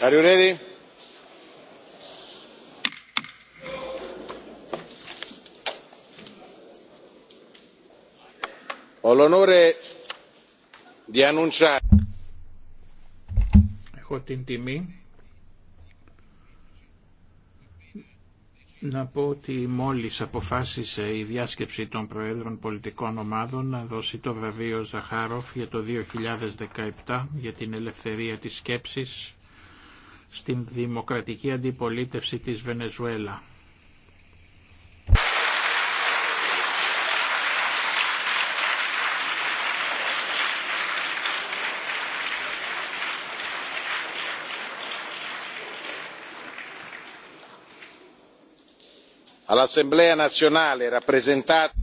Έχω την τιμή να πω ότι μόλις αποφάσισε η διάσκεψη των Προέδρων Πολιτικών Ομάδων να δώσει το βραβείο Ζαχάροφ για το 2017 για την ελευθερία της σκέψης στην δημοκρατική αντιπολίτευση της Βενεζουέλα. All'Assemblea Nazionale rappresentata